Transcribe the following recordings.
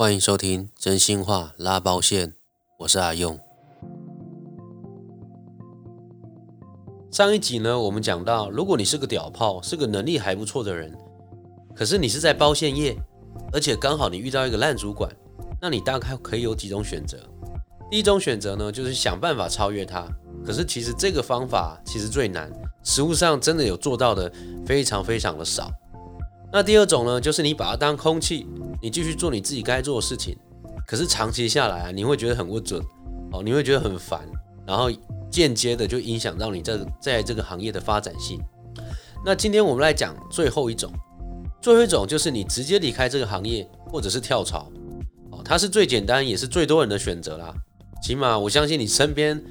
歡迎收聽真心話拉包餡，我是阿用。上一集呢，我們講到，如果你是個屌炮，是個能力還不錯的人，可是你是在包餡業，而且剛好你遇到一個爛主管，那你大概可以有幾種選擇。第一種選擇呢，就是想辦法超越他。可是其實這個方法其實最難，實務上真的有做到的非常非常的少。那第二種呢，就是你把它當空氣，你繼續做你自己該做的事情，可是長期下來啊，你會覺得很不準哦，你會覺得很煩，然後間接的就影響到你在在這個行業的發展性。那今天我們來講最後一種，最後一種就是你直接離開這個行業，或者是跳槽，哦，它是最簡單也是最多人的選擇啦。起碼我相信你身邊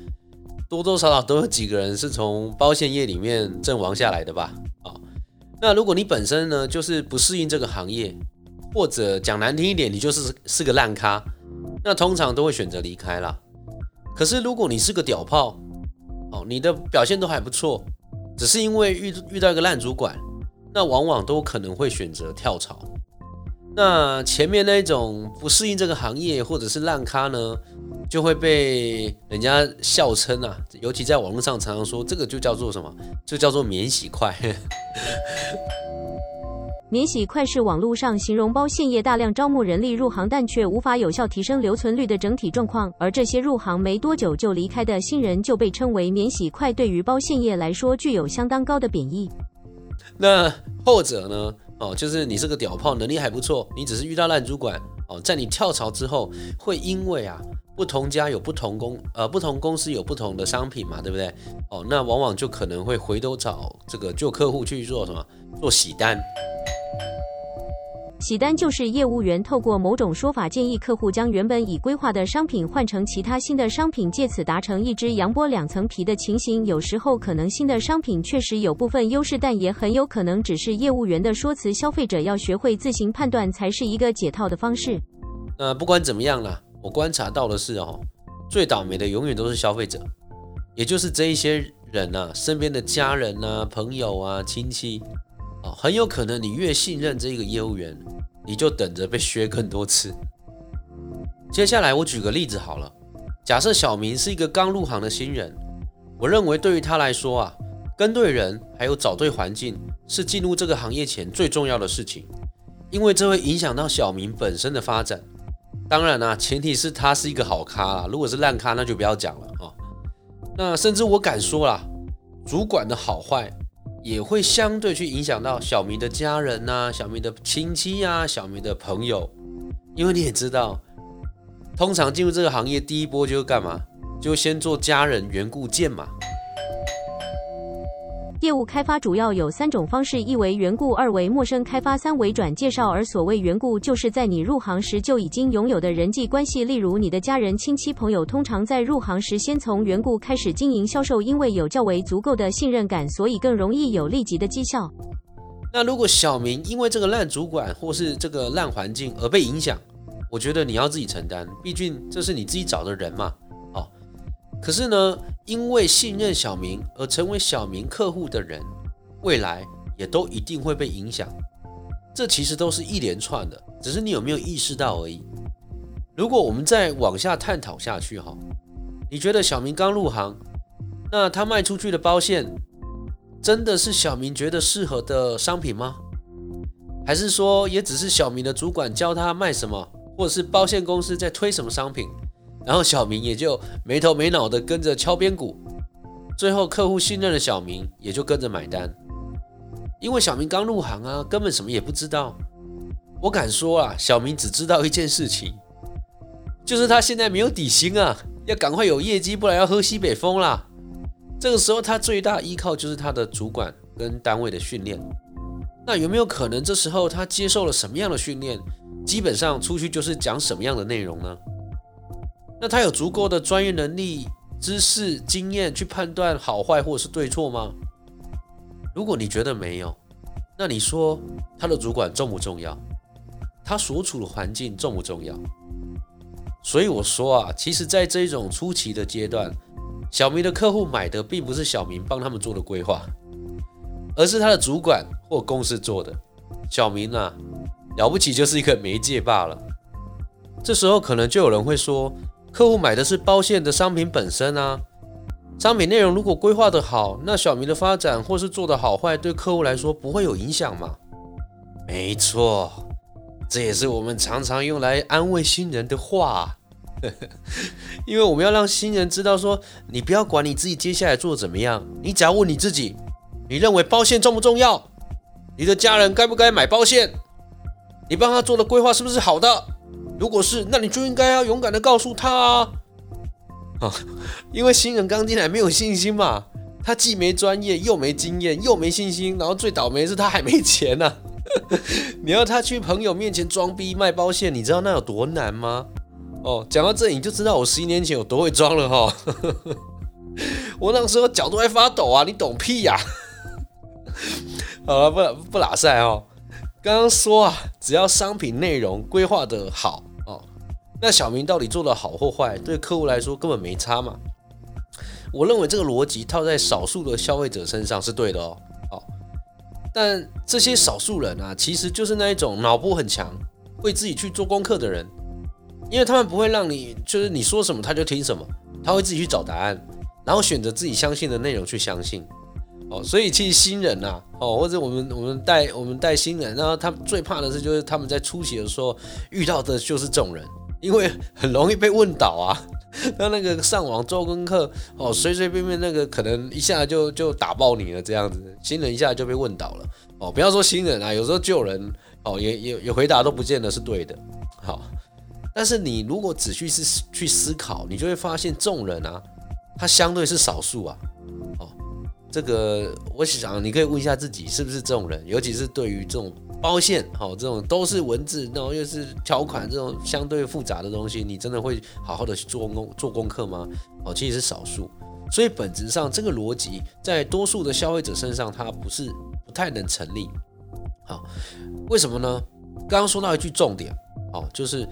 多多少少都有幾個人是從包餡業裡面陣亡下來的吧，那如果你本身呢，就是不適應這個行業，或者講難聽一點，你就是是個爛咖，那通常都會選擇離開啦。可是如果你是個屌炮，哦，你的表現都還不錯，只是因為遇遇到一個爛主管，那往往都可能會選擇跳槽。那前面那一種不適應這個行業，或者是爛咖呢？就會被人家笑稱啊，尤其在網絡上常常說這個就叫做什麼？就叫做“免洗筷 ”。免洗筷是網絡上形容包餡業大量招募人力入行，但卻無法有效提升留存率的整體狀況。而這些入行沒多久就離開的新人，就被稱為“免洗筷”。對於包餡業來說，具有相當高的貶義。那後者呢？哦，就是你是個屌炮，能力還不錯，你只是遇到爛主管哦。在你跳槽之後，會因為啊。不同家有不同公，呃，不同公司有不同的商品嘛，對不對？哦，那往往就可能會回頭找這個舊客戶去做什麼，做洗單。洗單就是業務員透過某種說法建議客戶將原本已規劃的商品換成其他新的商品，借此達成一只羊剝兩層皮的情形。有時候可能新的商品確實有部分優勢，但也很有可能只是業務員的說辭，消費者要學會自行判斷才是一個解套的方式。呃，不管怎麼樣了。我觀察到的是哦，最倒霉的永遠都是消費者，也就是這一些人吶、啊，身邊的家人吶、啊、朋友啊、親戚，哦，很有可能你越信任這個業務員，你就等着被削更多次。接下來我舉個例子好了，假設小明是一個剛入行的新人，我認為對於他來說啊，跟對人還有找對環境是進入這個行業前最重要的事情，因為這會影響到小明本身的發展。當然啦、啊，前提是他是一個好咖，啦，如果是爛咖，那就不要講了啊、哦。那甚至我敢說啦，主管的好壞也會相對去影響到小明的家人吶、啊、小明的親戚呀、啊、小明的朋友，因為你也知道，通常進入這個行業第一波就是幹嘛？就先做家人、緣故、件嘛。業務開發主要有三種方式：一為緣故，二為陌生開發，三為轉介紹。而所謂緣故，就是在你入行時就已經擁有的人際關係，例如你的家人、親戚、朋友。通常在入行時，先從緣故開始經營銷售，因為有較為足夠的信任感，所以更容易有立即的績效。那如果小明因為這個爛主管或是這個爛環境而被影響，我覺得你要自己承擔，畢竟這是你自己找的人嘛。哦，可是呢？因為信任小明而成為小明客戶的人，未來也都一定會被影響。這其實都是一連串的，只是你有沒有意識到而已。如果我們再往下探討下去哈，你覺得小明剛入行，那他賣出去的包線真的是小明覺得適合的商品嗎？還是說也只是小明的主管教他賣什麼，或者是包線公司在推什麼商品？然後小明也就沒頭沒腦的跟着敲邊鼓，最後客戶信任了小明，也就跟着買單。因為小明剛入行啊，根本什麼也不知道。我敢說啊，小明只知道一件事情，就是他現在沒有底薪啊，要趕快有業績，不然要喝西北風啦。這個時候他最大依靠就是他的主管跟單位的訓練。那有沒有可能這時候他接受了什麼樣的訓練，基本上出去就是講什麼樣的內容呢？那他有足夠的專業能力、知識、經驗去判斷好壞或是對錯嗎？如果你覺得沒有，那你說他的主管重不重要？他所處的環境重不重要？所以我說啊，其實在這種初期的階段，小明的客戶買的並不是小明幫他們做的規劃，而是他的主管或公司做的。小明啊，了不起就是一個媒介罷了。這時候可能就有人會說，客戶買的是包餡的商品本身啊，商品內容如果規劃的好，那小明的發展或是做的好壞，對客戶來說不會有影響嘛？沒錯，這也是我們常常用來安慰新人的話， 因為我們要讓新人知道說，你不要管你自己接下來做怎麼樣，你只要問你自己，你認為包餡重不重要？你的家人該不該買包餡？你幫他做的規劃是不是好的？如果是，那你就應該要勇敢地告訴他啊，哦、因為新人剛進來沒有信心嘛。他既沒專業，又沒經驗，又沒信心，然後最倒霉是他還沒錢呢、啊。 你要他去朋友面前裝逼賣包餡，你知道那有多難嗎？哦，講到這你就知道我十一年前有多會裝了哈、哦。 我那個時候腳都在發抖啊，你懂屁呀、啊？ 好了、啊，不不拉塞哦。剛剛說啊，只要商品內容規劃得好。那小明到底做得好或壞，對客戶來說根本沒差嘛？我認為這個邏輯套在少數的消費者身上是對的哦。好、哦，但這些少數人啊，其實就是那一種腦波很強，會自己去做功課的人，因為他們不會讓你，就是你說什麼他就聽什麼，他會自己去找答案，然後選擇自己相信的內容去相信。哦，所以其實新人吶、啊，哦，或者我們我們帶我們帶新人，然後他們最怕的是，就是他們在初期的時候遇到的就是這種人。因為很容易被問倒啊，他那，那個上網做功課哦，隨隨便便那個可能一下就就打爆你了，這樣子新人一下就被問倒了哦。不要說新人啊，有時候舊人哦也也也回答都不見得是對的。好，哦，但是你如果仔細是去思考，你就會發現眾人啊，他相對是少數啊，哦。這個我想你可以問一下自己，是不是這種人？尤其是對於這種包餡，哦，這種都是文字，然後又是條款這種相對複雜的東西，你真的會好好的去做功做功課嗎？哦，其實是少數，所以本質上這個邏輯在多數的消費者身上，它不是不太能成立。好，為什麼呢？剛剛說到一句重點哦，就是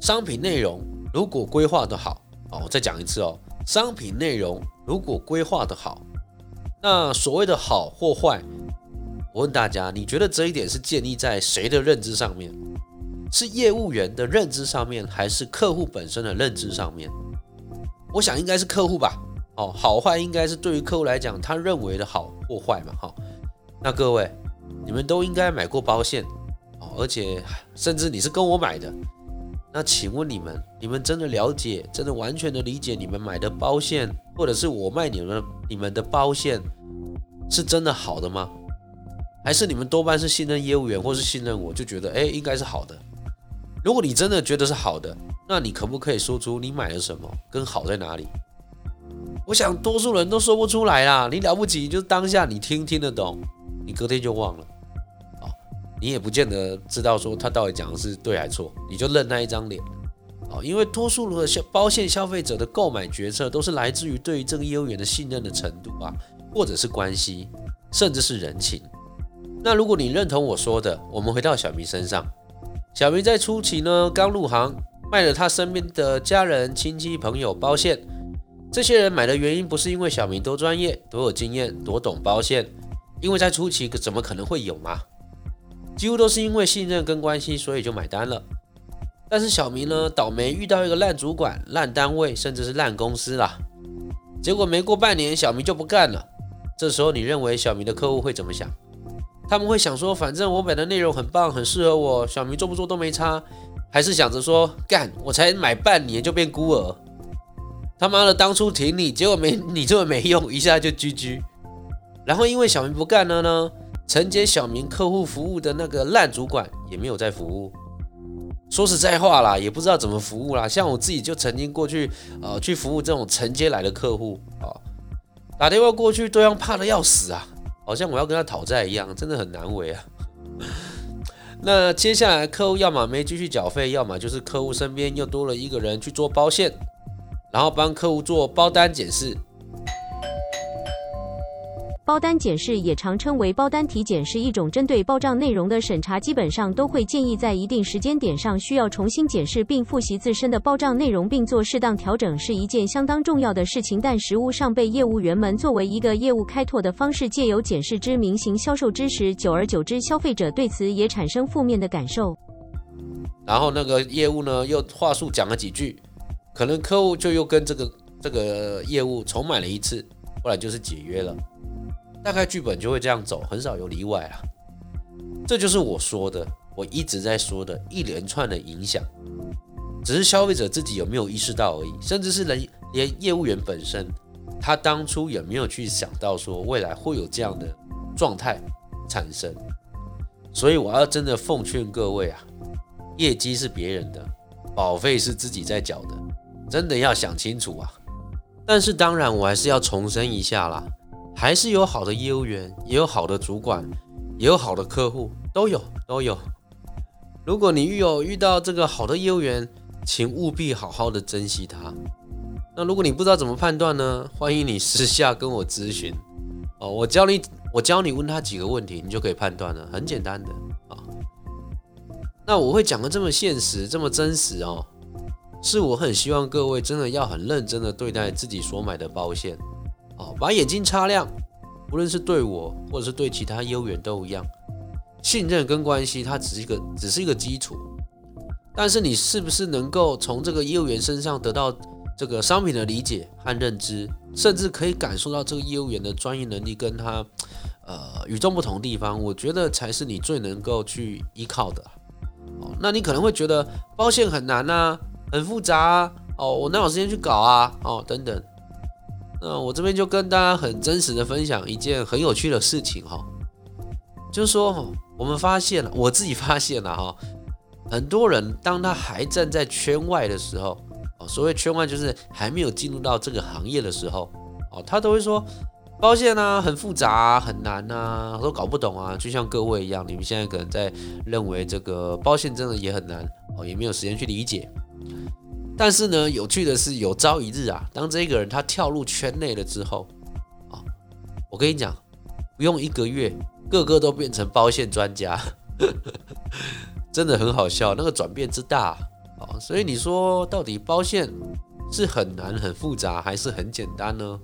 商品內容如果規劃得好哦，我再講一次哦，商品內容如果規劃得好。那所謂的好或壞，我問大家，你覺得這一點是建立在誰的認知上面？是業務員的認知上面，還是客戶本身的認知上面？我想應該是客戶吧。哦，好壞應該是對於客戶來講，他認為的好或壞嘛。好，那各位，你們都應該買過包餡哦，而且甚至你是跟我買的。那請問你們，你們真的了解、真的完全的理解你們買的包餡，或者是我賣你們、你們的包餡是真的好的嗎？還是你們多半是信任業務員，或是信任我，就覺得誒、哎，應該是好的？如果你真的覺得是好的，那你可不可以說出你買了什麼，跟好在哪裡？我想多數人都說不出來啦。你了不起，就是當下你聽聽得懂，你隔天就忘了。你也不見得知道說他到底講的是對還是錯，你就認那一張臉，啊，因為多數的消包線消費者的購買決策都是來自於對於這個業務員的信任的程度啊，或者是關係，甚至是人情。那如果你認同我說的，我們回到小明身上，小明在初期呢，剛入行，賣了他身邊的家人、親戚、朋友包線，這些人買的原因不是因為小明多專業、多有經驗、多懂包線，因為在初期怎麼可能會有嘛？幾乎都是因為信任跟關心，所以就買單了。但是小明呢，倒霉遇到一個爛主管、爛單位，甚至是爛公司啦。結果沒過半年，小明就不幹了。這時候你認為小明的客戶會怎麼想？他們會想說，反正我本的內容很棒，很適合我，小明做不做都沒差。還是想着說，幹，我才買半年就變孤兒。他媽的，當初挺你，結果沒你這麼沒用，一下就 GG。然後因為小明不幹了呢？承接小明客戶服務的那個爛主管也沒有在服務。說實在話啦，也不知道怎麼服務啦。像我自己就曾經過去，呃，去服務這種承接來的客戶啊，打電話過去，都要怕得要死啊，好像我要跟他討債一樣，真的很難為啊。那接下來客戶要麼沒繼續繳費，要麼就是客戶身邊又多了一個人去做包餡，然後幫客戶做包單檢視。包單檢視也常稱為包單體檢，是一種針對包障內容的審查。基本上都會建議在一定時間點上需要重新檢視並複習自身的包障內容，並做適當調整，是一件相當重要的事情。但實務上被業務員們作為一個業務開拓的方式，借由檢視之名行銷售之實，久而久之，消費者對此也產生負面的感受。然後那個業務呢，又話術講了幾句，可能客戶就又跟這個這個業務重買了一次，後來就是解約了。大概劇本就會這樣走，很少有例外啊。這就是我說的，我一直在說的一連串的影響，只是消費者自己有沒有意識到而已。甚至是人，連業務員本身，他當初也沒有去想到說未來會有這樣的狀態產生。所以我要真的奉勸各位啊，業績是別人的，保費是自己在繳的，真的要想清楚啊。但是當然，我還是要重申一下啦。還是有好的業務員，也有好的主管，也有好的客戶，都有都有。如果你遇有遇到這個好的業務員，請務必好好的珍惜他。那如果你不知道怎麼判斷呢？歡迎你私下跟我諮詢哦，我教你，我教你問他幾個問題，你就可以判斷了，很簡單的啊、哦。那我會講的這麼現實，這麼真實哦，是我很希望各位真的要很認真的對待自己所買的包餡。哦，把眼睛擦亮，不論是對我，或者是對其他業務員都一樣。信任跟關係，它只是一個，只是一個基礎。但是你是不是能夠從這個業務員身上得到這個商品的理解和認知，甚至可以感受到這個業務員的專業能力跟他，呃，與眾不同的地方？我覺得才是你最能夠去依靠的。哦，那你可能會覺得包餡很難啊，很複雜啊，哦，我哪有時間去搞啊，哦，等等。那我這邊就跟大家很真實的分享一件很有趣的事情哈、哦，就是說我們發現了，我自己發現了哈，很多人當他還站在圈外的時候，所謂圈外就是還沒有進入到這個行業的時候，哦，他都會說包餡啊，很複雜、啊，很難啊，都搞不懂啊，就像各位一樣，你們現在可能在認為這個包餡真的也很難哦，也沒有時間去理解。但是呢，有趣的是，有朝一日啊，當這個人他跳入圈內了之後，啊，我跟你講，不用一個月，個個都變成包餡專家， 真的很好笑，那個轉變之大啊！所以你說到底包餡是很難、很複雜，還是很簡單呢？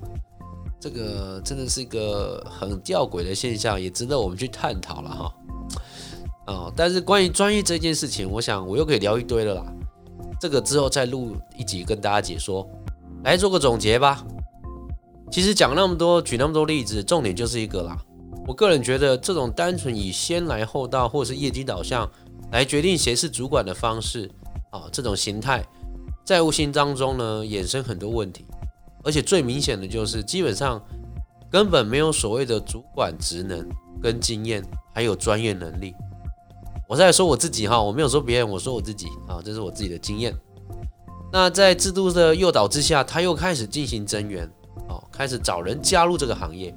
這個真的是一個很吊詭的現象，也值得我們去探討了哈。啊，但是關於專業這件事情，我想我又可以聊一堆了啦。這個之後再錄一集跟大家解說，來做個總結吧。其實講那麼多，舉那麼多例子，重點就是一個啦。我個人覺得，這種單純以先來後到或是業績導向來決定誰是主管的方式啊，這種形態，在無形當中呢，衍生很多問題，而且最明顯的就是，基本上根本沒有所謂的主管職能、跟經驗，還有專業能力。我在說我自己哈，我沒有說別人，我說我自己啊，這是我自己的經驗。那在制度的誘導之下，他又開始進行增員，哦，開始找人加入這個行業。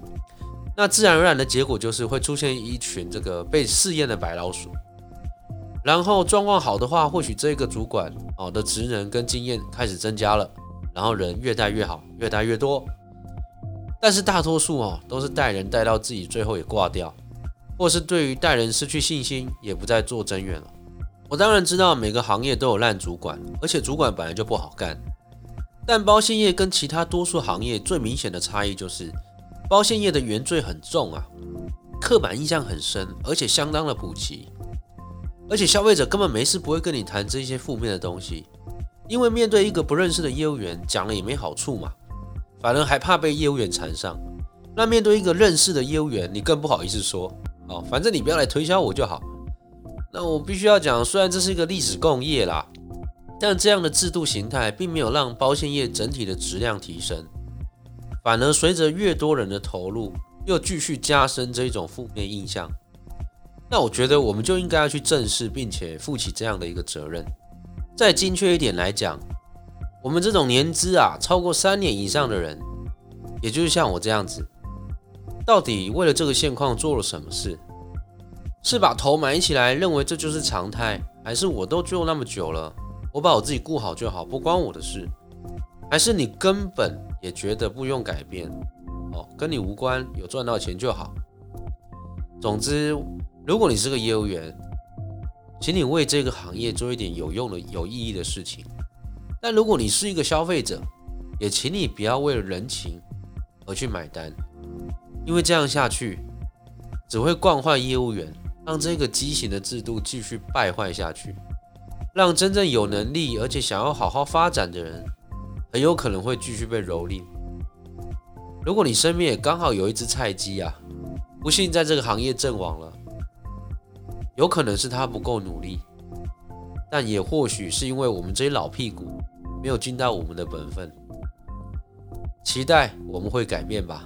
那自然而然的結果就是會出現一群這個被試驗的白老鼠。然後狀況好的話，或許這個主管哦的職能跟經驗開始增加了，然後人越帶越好，越帶越多。但是大多數哦都是帶人帶到自己最後也掛掉。或是對於帶人失去信心，也不再做增員了。我當然知道每個行業都有爛主管，而且主管本來就不好幹。但包餡業跟其他多數行業最明顯的差異就是，包餡業的原罪很重啊，刻板印象很深，而且相當的普及。而且消費者根本沒事不會跟你談這些負面的東西，因為面對一個不認識的業務員，講了也沒好處嘛，反而還怕被業務員纏上。那面對一個認識的業務員，你更不好意思說。哦，反正你不要來推銷我就好。那我必須要講，雖然這是一個歷史共業啦，但這樣的制度形態並沒有讓包餡業整體的質量提升，反而隨着越多人的投入，又繼續加深這一種負面印象。那我覺得我們就應該要去正視，並且負起這樣的一個責任。再精確一點來講，我們這種年資啊超過三年以上的人，也就是像我這樣子。到底為了這個現況做了什麼事？是把頭埋起來，認為這就是常態，還是我都做那麼久了，我把我自己顧好就好，不關我的事？還是你根本也覺得不用改變，哦，跟你無關，有賺到錢就好？總之，如果你是個業務員，請你為這個行業做一點有用的、有意義的事情；但如果你是一個消費者，也請你不要為了人情而去買單。因為這樣下去，只會慣壞業務員，讓這個畸形的制度繼續敗壞下去，讓真正有能力而且想要好好發展的人，很有可能會繼續被蹂躪。如果你身邊也剛好有一隻菜雞啊，不幸在這個行業陣亡了，有可能是他不夠努力，但也或許是因為我們這些老屁股沒有盡到我們的本分。期待我們會改變吧。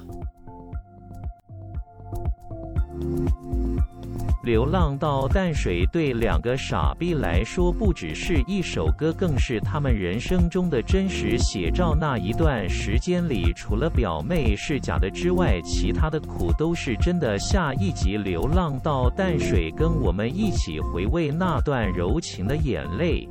《流浪到淡水》對兩個傻逼來說，不只是一首歌，更是他們人生中的真實寫照。那一段時間裡，除了表妹是假的之外，其他的苦都是真的。下一集《流浪到淡水》，跟我們一起回味那段柔情的眼淚。